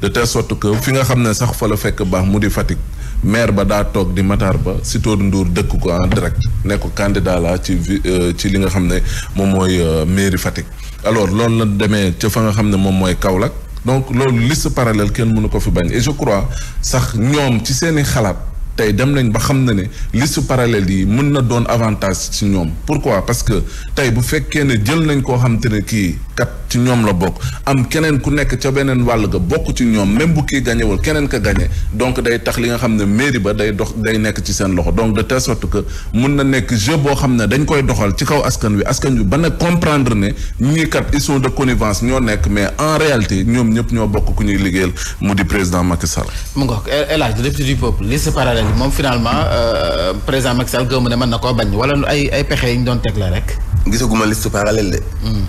de telle sorte que fi nga xam ne sax fa la fekk baax mu di Fatick maire ba daa toog di Matar ba Sitor nduur dëkk ko en direct ne ko candidat la ci euh, ci li nga xam ne moom mooy euh, mairie Fatick alors loolu la demee ca fa nga xam ne moom mooy Kaolack donc loolu liste parallèle kenn mënu ko fi bañ et je crois sax ñoom ci seeni xalaat tey dem nañ ba xam na ne liste parallèle yi mën na doon avantage ci ñoom pourquoi parce que tey bu fekkee ne jël nañ koo xam te ne kii kat ci ñoom la bokk am keneen ku nekk ca beneen wàll ga bokk ci ñoom même bu kii gañewul keneen ka gañe donc day tax li nga xam ne mairie ba day dox day nekk ci seen loxo donc de telle sort que mun na nekk jeu boo xam ne dañ koy doxal ci kaw askan wi askan wi ba na comprendre ne ñii kat ils sont de connivence ñoo nekk mais en réalité ñoom ñëpp ñoo bokk ku ñuy liggéeyal mu di président Macky Sall. mu ngoog El Hadj député du peuple liste parallèle moom finalement euh, président Macky Sall gëm ne mën na koo bañ wala ay ay pexe yi ñu doon la rek. gisaguma liste parallèle de. Hmm.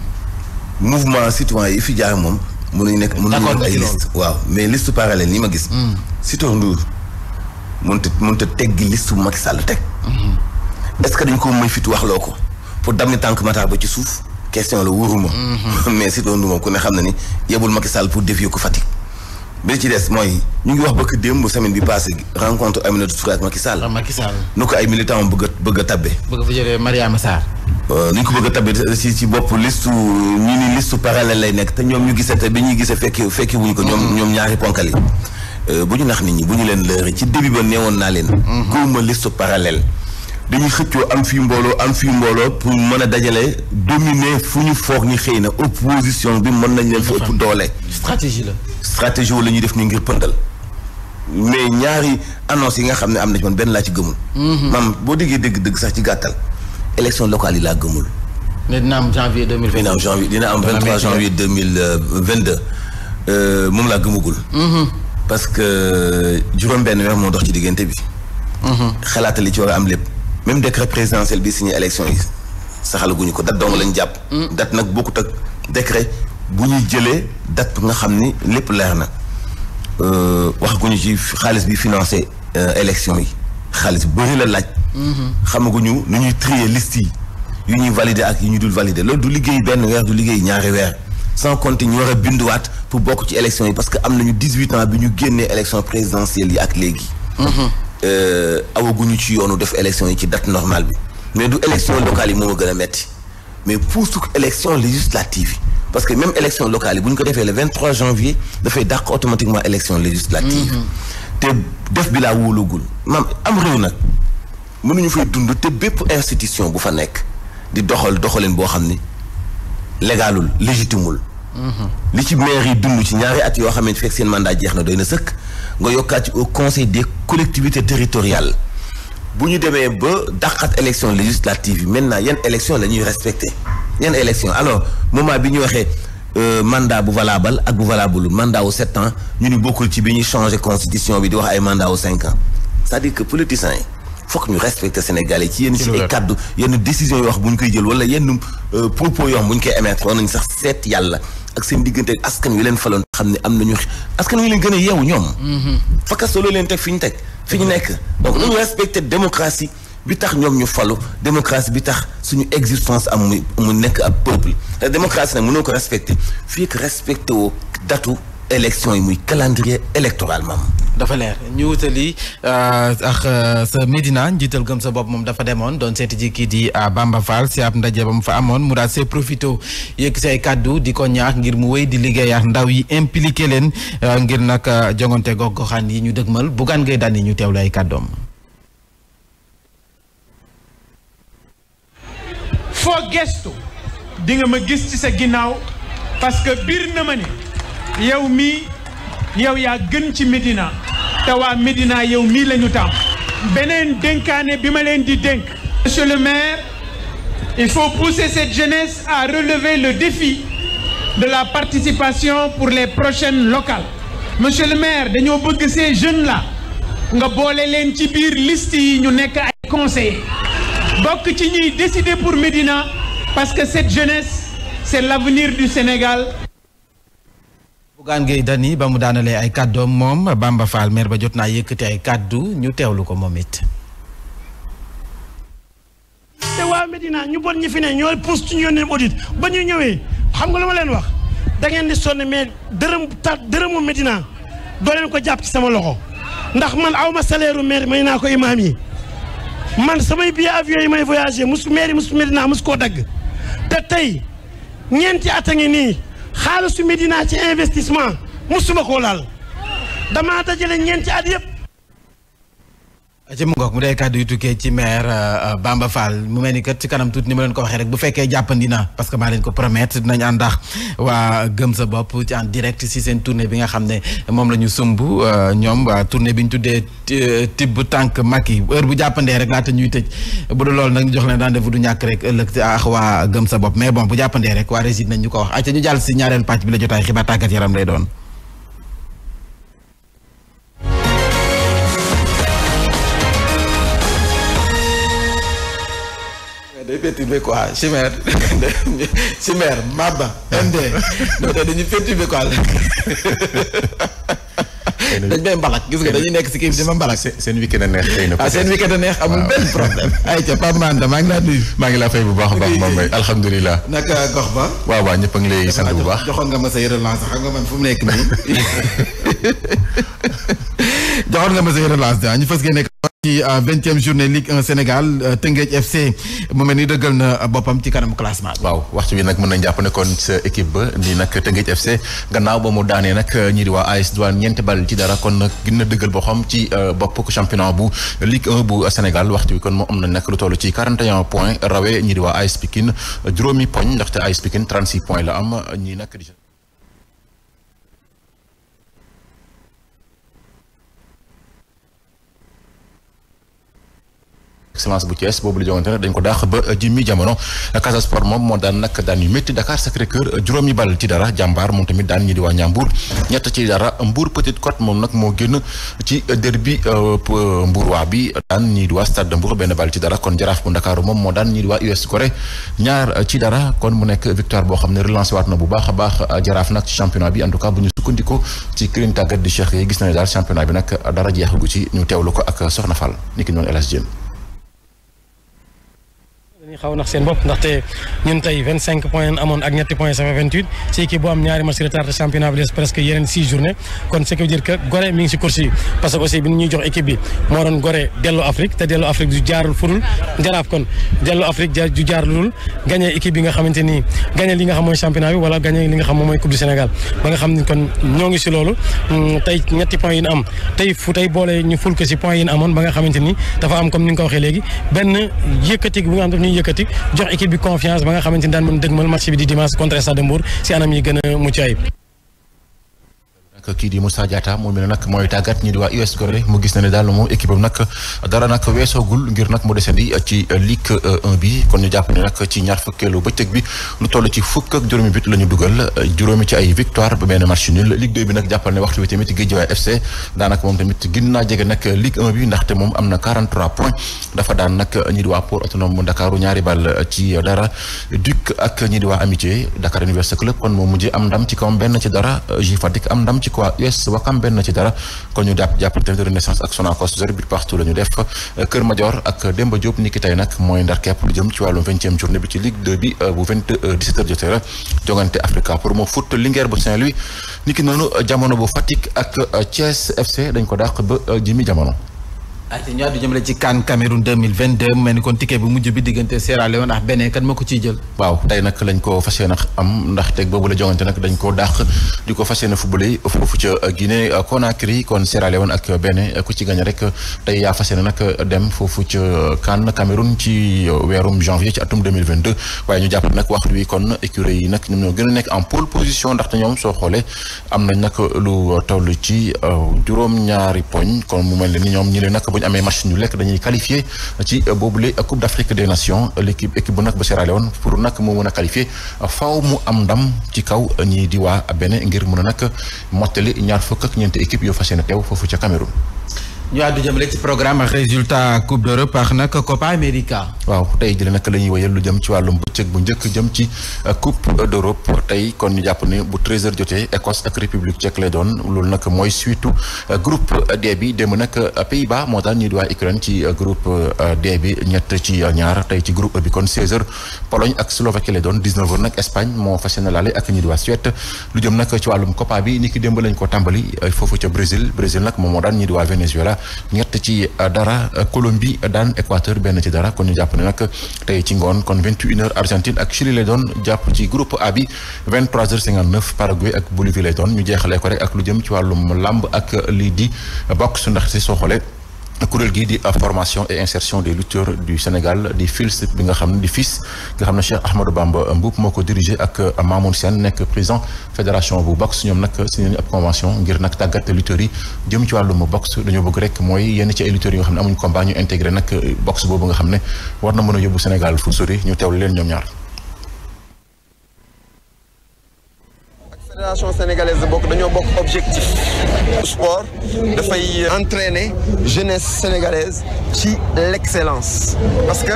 mouvement citoyen yi fi jaar moom. mun nañu nekk mun nañu ay liste waaw mais liste parallèle yi ma gis. Sitor hmm. Ndour mënut a mënut a teggi liste bu Macky Sall teg. Hmm. est-ce que dañ ko may fit wax loo ko pour dam ni tànk Matar ba ci suuf question la wóoruma. Hmm. mais Sitor Ndour moom ku ne xam na ni yebul Macky Sall pour dévier ko Fatick. bi ci des mooy ñu ngi wax bëgg démb semaine bi passé rencontre Aminata Touré ak Macky Sall. Macky Sall nu ko ay militants bëgg bëgg a tabbe. bëgg fa jëlee Mariama ni euh, ñu ko bëgg a tabbee ci ci bopp liste ñu ni liste parallèle lay nekk te ñoom ñu gisee te bi ñuy gisee fekki fekki wuñu ko. ñoom mm-hmm. ñoom ñaari ponkali euh, bu ñu nax nit ñi bu ñu leen lëre ci début ba neewoon naa leen. Mm-hmm. góoma liste parallèle. dañuy xëccoo am fii mbooloo am fii mbooloo pour mën a dajale dominer fu ñu foog ni xëy na opposition bi mën nañ leen fa ëpp doole. stratégie la. stratégie wu la ñuy def ni ngir pëndal. mais ñaari annonce yi nga xam ne am na ci man benn laa ci gëmul. maam mm-hmm. boo déggee dégg dëgg sax ci gàttal. élection locale yi laa gëmul. ne dina am janvier deux mille vingt deux. dina am janvier dina euh, moom laa gëmagul mm-hmm. parce que juróom-benn weer moo dox ci diggante bi. Mm-hmm. xalaata li ci war a am lépp. même décret présidentiel bi signé élection yi saxalaguñu ko date dong lañu jàpp. Mm. date nag bokkut ak décret bu ñuy jëlee date nga xam ni lépp leer na. Euh, wax guñu ci xaalis bi financé euh, élection yi xaalis bëri la laaj. xamaguñu nu ñuy trier list yi ñuy valide ak yu ñu dul valide loolu du liggéey benn weer du liggéey ñaari weer sans compter ñu war a binduwaat pour bokk ci élection yi parce que am nañu dix huit ans bi ñu génnee élection présidentielle yi ak léegi. Euh, awaguñu ci yoonu def élection yi ci date normale bi mais du élection locale yi moo ma gën a metti mais pour su élection législative yi parce que même élection locale yi bu ñu ko defee le 23 janvier dafay dàq automatiquement élection législative mhm. te def bi laa wóolugul maam am réew nag mënuñu fay dund te bépp institution bu fa nekk di doxal doxalin boo xam ni légalul légitimul mhm. li ci maire yi dund ci ñaari at yoo xamante fekk seen mandat jeex na doy na sëkk nga yokkaat ci au conseil des collectivités territorial bu ñu demee ba dàqat élection législative yi maintenant yan élection la ñuy respecté yan élection alors moment bi ñu waxee euh, mandat bu valable ak bu valable mandat wu sept ans ñu ni bokkul ci bi ñuy changé constitution bi di wax ay mandat wu cinq ans cest à yi fokk ñu respecté Sénégalais ci yenn ci ay kaddu yenn décision yoo wax bu ñu koy jël wala yenn euh, propos yoo xam bu ñu koy émettre war nañ sax seet yàlla ak seen diggante ak askan wi leen faloon xam ne am nañu askan wi leen gën a yeewu ñoom mm-hmm. fakkasto loolu leen teg fi ñu teg fi ñu nekk donc nañu mm-hmm. respecté démocratie bi tax ñoom ñu falu démocratie bi tax suñu existence am muy mu nekk ab peuple te démocratie nag mënoo ko respecté fii que respecté woo datu élection yi muy calendrier électoral maam dafa leer ñu wutali euh, ak euh, sa Medina njiital gëm sa bopp moom dafa demoon doon seeti ji kii di euh, Bamba Fall si ab ndaje ba mu fa amoon mu daal see profito yëkk say kàddu di ko ñaax ngir mu wéy di liggéey ndaw yi impliqué leen ngir nag jongante gox goxaan yi ñu dëgmal bugaan ngay daan yi ñu teewlu ay kàddoom. foo gestu di ma gis ci sa ginnaaw parce biir na ma ne yow mii. yow yaa gën ci Médina te waa Médina yow mii la ñu beneen dénkaane bi ma leen di dénk monsieur le maire il faut pousser cette jeunesse à relever le défi de la participation pour les prochaines locales monsieur le maire dañoo bëgg ces jeunes la nga boole leen ci biir liste yi ñu nekk ay conseillers bokk ci ñuy décider pour Médina parce que cette jeunesse c'est l'avenir du Sénégal Bougane Gueye Dany ba mu daanalee ay kàddoom moom Bamba Fall maire ba jot naa yëkkati ay kàddu ñu teewlu ko moom it. te waa Medina ñu bon ñi fi ne ñoo pousse ci ñu yónnee audit ba ñuy ñëwee xam nga lu ma leen wax dangeen di sonn mais dërëm ta dërëmu Medina doo leen ko jàpp ci sama loxo ndax man aw ma salaire may naa ko imaam yi man samay billet avion yi may voyager musu maire musu Medina musu koo dagg te tey ñeenti at nii. xaalisu Medina ci investissement musuma koo laal damaa dajale ñeenti at ci mu ngoog mu dee kàddu yu tukkee ci maire euh, Bamba Fall mu mel ni kat ci kanam tuuti ni ma leen ko waxee rek bu fekkee jàppandi na parce que maa leen ko promettre dinañ ànd ak waa gëm sa bopp direct si seen tournée bi xam ne moom la ñu sumb euh, ñoom waa tournée bi ñu tuddee euh, tibb tànk mag yi heure bu jàppandee rek laata ñuy tëj bu dul loolu nag ñu jox leen rendez-vous du ñàkk rek ëllëg ak waa gëm sa bopp mais bon bu jàppandee rek waa régie nañ ko wax acca ñu jàll si ñaareel pàcc bi la jotaay xibaar tàggat yaram lay doon day perturbé quoi chimère chimère maba md non te dañuy perturbé quoi dañ may mbalak gis nga dañuy nekk si kii bi dama mbalak seen weekend a neex xëy na ah seen weekend a neex amul benn problème ay ca Pape Manda maa maa ngi laa fay bu baax a baax moom may alhamdulilah naka gox ba waaw waaw bu baax joxoon nga ma say relance xam nga man fu nekk nii joxoon nga ma say relance da ah, ñu fas gee nekk ci euh, vingtième journée Ligue 1 Sénégal euh, Tëngéej FC mu mel ni dëggal na boppam ci kanam classement bi. waaw waxtu bi nag mën nañ jàpp ne kon sa équipe ba di nag Tëngéej FC gannaaw ba mu daanee nag ñi di waa AS Douane ñeenti bal ci dara kon nag gën na dëggal boppam ci euh, bopp championnat bu Ligue 1 bu Sénégal waxtu bi kon moom am na nag lu toll ci 41 points rawee ñi di waa AS Pikine juróomi poñ ndaxte AS Pikine 36 points la am ñii nag. excellence bu Thiès boobu la jongante nag dañ ko daax ba euh, jimmi jamono Casa Sport moom moo daan nag daan yu métti Dakar Sacré-Cœur euh, juróomi bal ci dara jàmbaar moom tamit daan ñi di ñett ci dara Mbour Petite Côte moom nag moo génn ci euh, derbi Mbour waa bi daan ñi di waa Stade de Mbour benn bal ci dara kon Jaraaf bu Ndakaaru moom moo daan ñi di waa US Gorée ñaar ci dara kon mu nekk victoire boo xam ne relancé waat na bu baax a baax Jaraaf nag ci championnat bi en tout cas bu ñu sukkandiko ci kërim tàggat di Cheikh na ne daal championnat bi nag dara jeexagu ci ñu ko ak Soxna Fall ni ki noonu El Hadj xaw nax seen bopp ndaxte ñun tey vingt cinq points amoon ak ñetti points ça fait vingt huit si équipe bu am ñaari match retard de championnat bi des presque yeneen six journées kon ce qui veut dire que Gorée mi ngi si course yi parce que aussi bi ñuy jox équipe bi moo doon Gorée dellu Afrique te dellu Afrique du jaarul furul jaraaf kon dellu Afrique du jaar lulul gagné équipe bi nga xamante nii gagné li nga xam mooy championnat bi wala gagné li nga xam moom mooy coupe du Sénégal ba nga xam ni kon ñoo ngi si loolu hmm, tey ñetti points yi ñu am tey fu tey boole ñu ful ko si points yi ñu amoon ba nga xamante ni dafa am comme ni nga ko waxee léegi benn yëkkati bi nga xam daf ñuy yëkkati yëkkati jox équipe bi confiance ba nga xamante ni daan mën dëgmal match bi di dimanche contre Stade Mbour si anam yi gën a mucc ayib nag kii di Moussa Diatta moom mi nag mooy tàggat ñi US Gorée mu gis na ne daal moom équipe am nag dara nag weesoogul ngir nag mu desandi ci Ligue 1 bi kon ñu jàpp ne nag ci ñaar fukkeelu bëccëg bi lu toll ci fukk ak juróomi but la ñu dugal juróomi ci ay victoire ba benn match nul Ligue 2 bi nag jàppal ne waxtu bi tamit Guédiawaye FC daanaka moom tamit gën naa jege nag Ligue 1 bi ndaxte moom am na 43 points dafa daan nag ñi di waa Port Autonome ci dara Duc ak ñi di waa Amitié Dakar Université Club kon moom mujj am ndam ci kawam benn ci dara waa US Wakam benn ci dara kon ñu jàpp jàpp tamit Renaissance ak Sonacos zéro but partout la ñu def Kër Madior ak Demba Diop ni ki tey nag mooy ndar kepp lu jëm ci wàllum vingtième journée bi ci Ligue 2 bi euh, bu vingt euh, dix-sept heures jotee la jogante Africa pour moo foot Linguère bu Saint-Louis ni noonu jamono bu Fatick ak euh, Thiès FC dañ ko dàq ba jimi jamono ayca ñaar du jëmale ci CAN Cameroun deux mille vingt deux mu mel ni kon ticket bu mujj bi diggante Sierra Leone ndax beneen kan ma ko ciy jël. waaw tey nag lañ ko ndax teg boobu la jongante nag dañ koo dàq di ko fas yéene footballé foofu ca Guinée Conakry kon Sierra Leone ak beneen ku ci gagné rek tey yaa fas yéene nag dem foofu ca CAN Cameroun ci weerum janvier ci atum deux mille vingt waaye ñu jàpp nag waxtu wi kon écurie yi nag ñoom ñoo gën a nekk en pole position ndaxte ñoom soo xoolee am nañ nag lu taw lu ci euh, juróom-ñaari poñ kon mu mel ni ñoom ñu ne ba bu ñu amee match ñu lekk dañuy qualifié ci boobule Coupe d'Afrique des Nations l'équipe équipe bu nag ba Sierra pour nag moo mën a qualifié faaw mu am ndam ci kaw ñii di waa Bénin ngir mën a nag mottali ñaar fukk ak ñeenti équipe yoo fas yéene teew foofu ca Cameroun. ñu àddu jëmale ci programme résultat Coupe d'Europe ak nag Copa América. waaw tey jëlee nag la ñuy lu jëm ci wàllum. bëccëg bu njëkk jëm ci euh, coupe d'Europe tey kon ñu jàpp ne bu 13 jotee Écosse ak République tchèque lay doon loolu nag mooy suite euh, groupe euh, D bi démb nag Pays-Bas moo daan ñuy Ukraine ci groupe D bi ñett ci ñaar tey ci groupe bi kon 16h Pologne ak Slovaquie lay doon 19h nag Espagne moo fas yéene laale ak ñi di waa lu jëm nag ci wàllum Copa bi ni démb lañ ko tàmbali foofu ca Brésil Brésil nag moo daan ñi di waa Venezuela ñett ci dara Colombie benn ci dara kon Argentine ak Chili lay doon jàpp ci groupe A bi 23h59 Paraguay ak Bolivie lay doon ñu jeexale ko rek ak lu jëm ci wàllum làmb ak lii di bokk su ndax si soo xoolee kuréel gii di formation et insertion des lutteurs du Sénégal di FILS bi nga xam ne di FILS nga xam ne Cheikh Ahmadou Bamba Mboup moo ko dirigé ak euh, Mamoun seen nekk président fédération bu boxe ñoom nag signé nañu ab convention ngir nag tàggat lutteurs yi jëm ci wàllum boxe dañoo bëgg rek mooy yenn ci ay lutteurs yi nga xam ne amuñu combat ñu intégré nag euh, boxe boobu nga xam ne war na mën a yóbbu Sénégal fu sori ñu teewlu leen ñoom ñaar. fédération sénégalaise de bokk dañoo bokk objectif sport dafay euh, entraîner jeunesse sénégalaise ci l'excellence parce que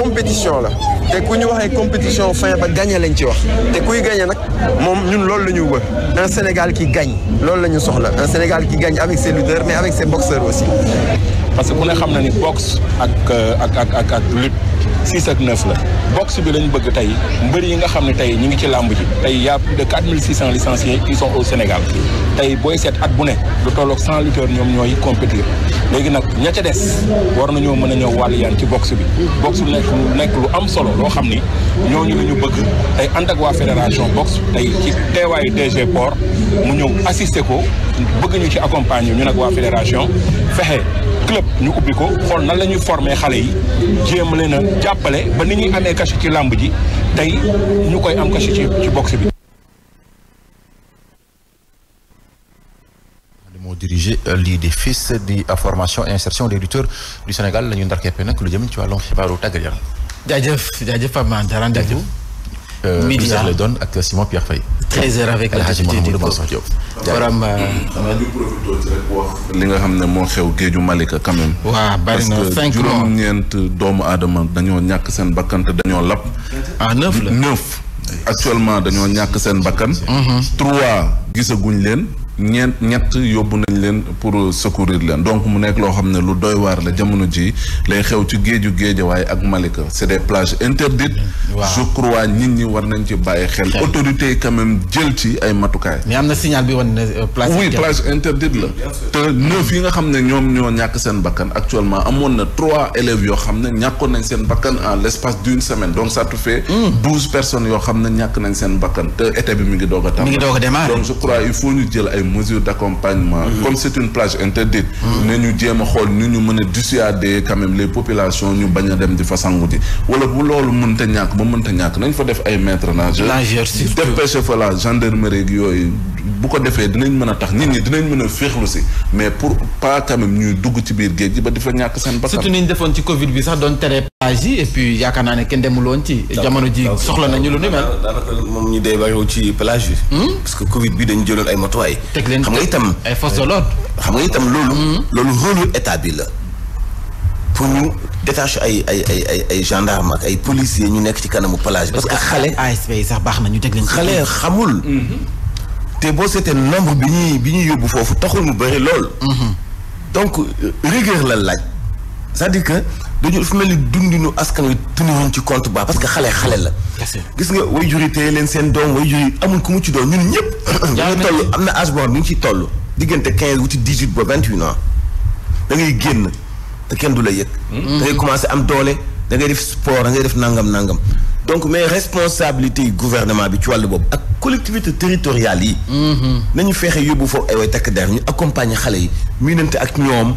compétition la te ku ñu waxee compétition fin ba gagné lañ ci wax te kuy gagné nag moom ñun loolu la ñu wër un Sénégal qui gagne loolu la ñu soxla un Sénégal qui gagne avec ses lutteurs mais avec ses boxeurs aussi parce que ku ne xam na ni boxe ak euh, ak ak ak six ak neuf la boxe bi lañ bëgg tey mbër yi nga xam ne tey ñu ngi ci làmb ji tey y a plus de quatre mille six cent licenciés qui au Sénégal tey booy seet at bu ne lu tolloog cent lutteurs ñoom ñooy compétir léegi nag ña ca des war nañoo mën a ñëw wàll yaan ci boxe bi boxe lu nekk lu nekk lu am solo loo xam ni ñoo ñu la ñu bëgg tey ànd ak waa fédération boxe tey ci teewaayu DG Port mu ñëw assister ko bëgg ñu ci accompagner ñu nag waa fédération fexe club ñu ubbi ko xool na la ñuy former xale yi jéem leen a jàppale ba ni ñuy amee cachet ci làmb ji tey ñu koy am cachet ci ci boxe bi. moo dirigé euh, lii di fils di formation insertion des lutteurs du Sénégal la ñu ndarkeppe nag lu jëm ci wàllum xibaaru tàggat yaram. jaajëf jaajëf Euh, Média le donne ak Simon Pierre Faye. 13 euh, li nga xam ne moo xew géeju Malika quand même. waaw na cinq parce que juróom-ñeent doomu aadama dañoo ñàkk seen bakkan te dañoo lab. ah neuf la neuf. actuellement dañoo ñàkk seen bakkan. Mhm. leen. ñeent ñett yóbbu nañ leen pour secourir leen donc mu nekk loo xam ne lu doy waar la jamono ji lay xew ci géeju géejawaay ak Malika c' est des plages interdites. waaw je crois nit ñi war nañ ci bàyyi xel. autorité yi quand même jël ci ay matukaay. mais am na signal bi wane ne euh, plage. oui plage interdite la. te neuf yi nga xam ne ñoom ñoo ñàkk seen bakkan actuellement amoon na trois élèves yoo xam ne ñàkkoon nañ seen bakkan en l' espace d' une semaine donc ça te fait. Hmm. douze personnes yoo xam ne ñàkk nañ seen bakkan te été bi mi ngi doog a. mi ngi doog a mesure d'accompagnement mhm. comme c'est une plage interdite mhm. ne ñu jéem a xool ni ñu mën a dissuader quand même les population ñu bañ a dem di fa sangu ji wala bu loolu mënta ñàkk ba mënta ñàkk nañu fa def ay maître nageur dépêché fa la gendarmerie yooyu bu ko defee dinañ mën a tax nit ñi dinañ mën a féexlu si mais pour pas quand ñuy dugg ci biir géej gi ba di fa ñàkk seen bakkan surtout ni ñu defoon ci covid bi sax doon tere plage yi et puis yaakaar jamono ji soxla nañu lu ni mel daanaka moom ñu dee bariwu ci plage hmm? parce que covid bi dañu jëloon ay matuwaay teg leen xam nga itam ay force de nga itam loolu. Hmm. loolu rôle état bi la. pour ñu détacher ay ay ay ay ay gendarme ak ay policiers ñu nekk ci kanamu plage. parce que xale ASP yi sax baax na ñu teg leen. xamul. Hmm. te boo seetee nombre bi ñuy bi ñuy yóbbu foofu taxul mu bëri lool. Hmm. donc rigueur la laaj cest à que. dañu dafa mel ni dundinu askan wi tënuwuñ ci compte ba parce que xale xale la. gis nga way juri téye leen seen doom way juri amul ku mu ci doon ñun ñëpp. yaa ngi toll am na âge boo xam ni ñu ciy toll. diggante quinze wuti dix huit ba vingt huit ans da ngay génn te kenn du la yëg. Hmm. da ngay am doole da ngay def sport dangay def nangam nangam. donc mais responsabilité yi gouvernement bi ci wàllu boobu ak collectivité territoriale yi. Hmm, hmm. nañu fexe yóbbu foofu ay way takk der ñu accompagner xale yi miinante ak ñoom.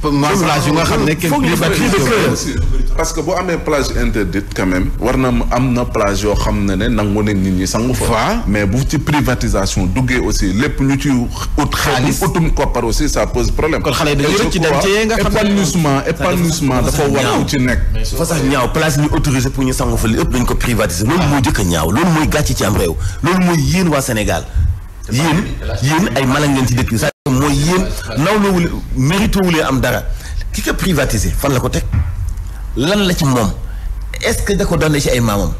plage yu nga xam ne kenn parce que boo amee plage interdite quand war na am na plage yoo xam ne ne nangu ne nit ñi sangu fa mais bu ci privatisation duggee aussi lépp ñu ci ut xaalis utum koppar aussi ça pose problème kon xale dañuy rëcc dem ci nga xam ne épanouissement épanouissement dafa war a ci nekk fa sax ñaaw plage ñu autorisé pour ñu sangu fa li ëpp dañ ko privatiser loolu moo jëkk a ñaaw loolu mooy gàcc ci am réew loolu mooy yéen waa Sénégal yéen yéen ay mala ngeen ci dëkk mooy yéen naw la wule mérito wulee am dara ki ko privatisé fan la ko teg lan la ci moom est-ce que da ko donne ci ay maamam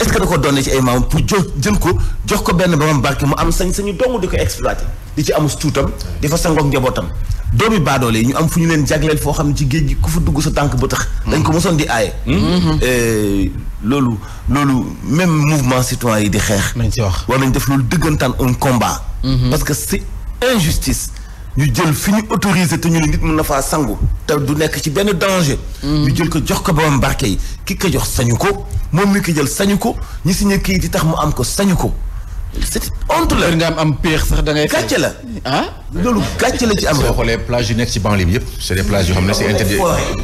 est ko donne ci ay maamam pour jo jël ko jox ko benn borom barke mu am sañ sañu dong di ko exploité di ci amus tuutam di fa sangoog njabootam doomi baadoole yi ñu am fu ñu leen jagleel foo xam ne ci géej gi ku fa dugg sa tànk ba tax dañ ko mosoon di aaye mm-hmm. eh, loolu loolu même mouvement citoyen yi di xeex war nañ def loolu dëggantaan un combat mm-hmm. parce que injustice ñu jël fi ñu autorisé te ñu ne nit mu na faa sangu te du nekk ci benn danger. Mm. ñu jël ko jox ko borom barke yi ki ko jox sañu ko moom mi ko jël sañu ko ñi signé kii di tax mu am ko sañu ko. c'est honte la. nga am am peex sax da ngay. gàcce la ah? loolu gàcce la ci am. soo xoolee plage yu nekk ci banlieue bi yëpp. c'est des plages yoo xam ne c'est interdit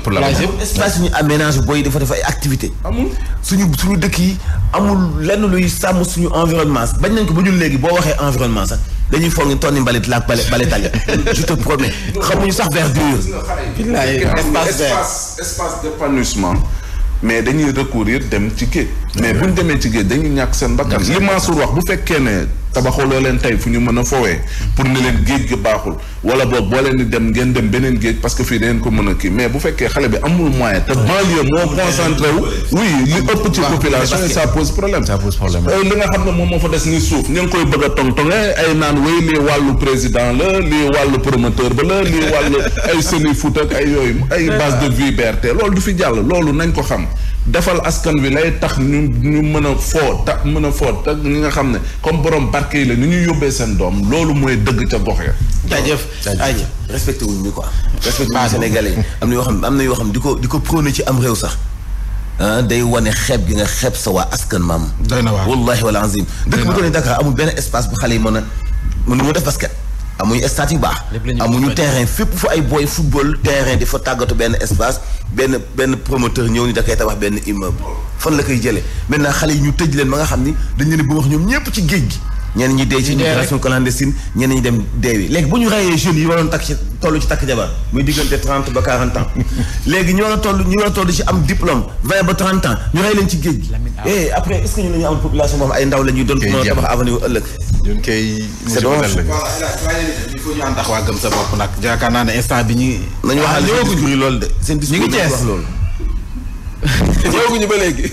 pour la. plage yëpp espace ñu aménage booy dafa def ay activité suñu suñu dëkk yi amul lenn luy sàmm suñu environnement bañ nañ ko ba ñu léegi boo waxee environnement sax dañuy foog ni tonni mbalit laak bale bale tali je te xamuñu sax verdure. bilaay espace vert espace espace d'épanouissement mais dañuy recourir dem ci kii. mais ñu demee ci géej dañuy ñàkk seen bakkan li Mansour wax bu fekkee ne tabaxaloo leen tey fu ñu mën a foowee pour ne leen géej gi baaxul wala boog boo leen di dem ngeen dem beneen géej parce que fii dangeen ko mën a ki mais bu fekkee xale bi amul moyen te banlieue moo concentré wu oui li ëpp ci population ça pose problème euh, li nga xam ne moom moo fa des ni suuf ñu ngi koy bëgg a tongtonge ay naan wéy lii wàllu président la lii wàllu promoteur ba la lii wàllu ay seni foot ak ay yooyu ay base de vie loolu du fi jàll loolu nañ ko xam defal askan wi lay tax ñu ñu mën a foo ta mën a foo ta ñi nga xam ne comme borom barke yi la ni ñuy yóbbee seen doom loolu mooy dëgg ca gox ya. jaajëf jaajëf respecté wuñ ñu quoi. respecté wuñ Sénégalais yi am na yoo xam am na yoo xam di ko di ko prôné ci am réew sax. Ah, day wane xeeb gi nga xeeb sa waa askan maam. doy na waaw wallaahi wal azim. dëkk bu doon Dakar amul benn espace bu xale yi mën a mën mu def basket. amuñu stade yu baax. amuñu terrain fépp fu ay booy football terrain di fa tàggatu benn espace benn benn promoteur ñëw ni da koy tabax benn immeuble fan la koy jëlee maintenant xale yi ñu tëj leen ba nga xam ni dañu ne bu wax ñoom ñëpp ci géej gi. ñenn ñi dee ci immigration clandestine ñenn ñi dem deewi léegi bu ñu rayee jeunes yi waroon takk ci toll ci takk jabar muy diggante trente ba quarante ans léegi ñu war a toll ñu war ci am diplôme vingt ba trente ans ñu rey leen ci géej gi ah. eh après est ce que am population boo xam ay ndaw la ñuy doon mën a tabax avenir waa gëm sa bopp nag jaakaar naa ne instant bi ñu nañu waxal ah, loolu de seen discours wax loolu ñëwaguñu ba léegi.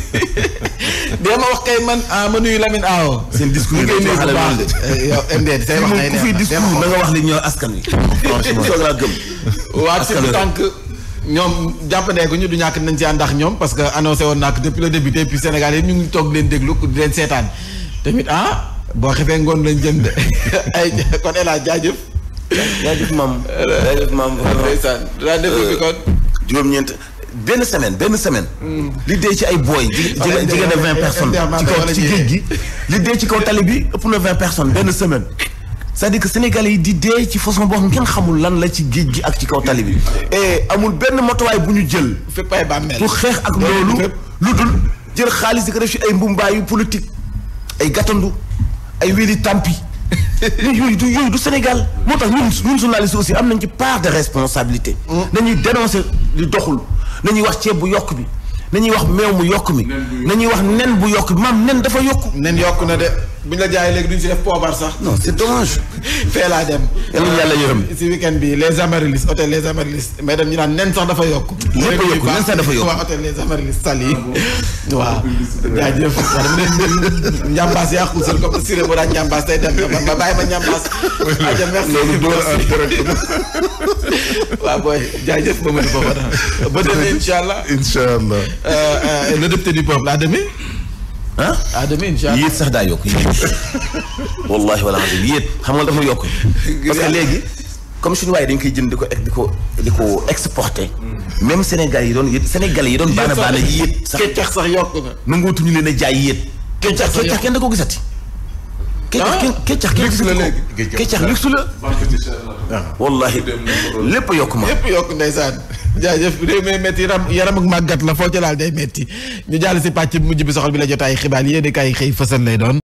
dee ma wax kay man ah ma nuyu Lamine Awo. seen discours yi dafa xale lool eh, wax li ñoo askan wi. franchement soog laa gëm. waa ci tànk ñoom jàppandeeku du ñàkk nañ ci ndax ñoom parce que annoncé woon naa ko depuis le début depuis Sénégal yi ñu ngi toog leen déglu di leen seetaan tamit ah boo xefee ngoon lañ jëm de ay kon El Hadj jaajëf. jaajëf maam jaajëf maam. vraiment ndeysaan kon. Euh, juróom-ñeent. benn semaine benn semaine. li dee ci ay booy. jigéen na de vingt personnes. ci kaw ci géej gi. li dee ci kaw tali bi ëpp na vingt personnes benn semaine. c'est-à-dire que sénégalais yi di dee ci façon boo xam kenn xamul lan la ci géej gi ak ci kaw tali bi. et amul benn motuwaay bu ñu jël. fépp ay bàmmeel pour xeex ak loolu. lu dul jël xaalis di ko def ci ay mbumbaayu politique. ay gàttandu ay wéli tampi. yooyu du yooyu du Sénégal moo tax ñun ñun journalistes aussi am nañ ci part de responsabilité. dañuy mm. dénoncer li doxul. nañuy wax ceeb bu yokk bi nañuy wax meew mu yokk mi nañuy wax nen bu yokk bi maam nen dafa yokk nen yokk na de bu ñu la jaayee léegi duñ si def poobar sax. non c'est dommage. fee laa dem. yàlla yàlla yërëm si week-end bi les Amaryllis hôtel mais dem ñu naan nen sax dafa yokk. lépp yokk nen sax dafa yokk waaw hôtel les Amaryllis sal yi. Ah waaw jaajëf waaw dama ne njàmbaas ba bàyyi ma njàmbaas. aja merci loolu door en direct. waaw booy jaajëf ba mu euh, euh, le député du peuple a ah. Adama incha allah yéet sax daa yokk yéet. wallaahi wala yéet xam nga dafa yokk. parce que léegi comme suñu waay dañ koy jënd di ko di ko di ko exporté. Hmm. même Sénégal yi doon yéet Sénégal yi doon. baana baana yéet sax keccax sax yokk na. nanguutuñu leen a jaay yéet. keccax sax yokk keccax kenn da ko gisati. keccax keccax keccax ligsu la ah. wallahi lépp yokk ma lépp yokk ndeysaan jaajëf réew de métti yaram yaram ak màggat la foo ca laal day métti ñu jàll si pàcc mujj bi soxal bi la jotaay xibaar yéen i kaay xëy fësal lay doon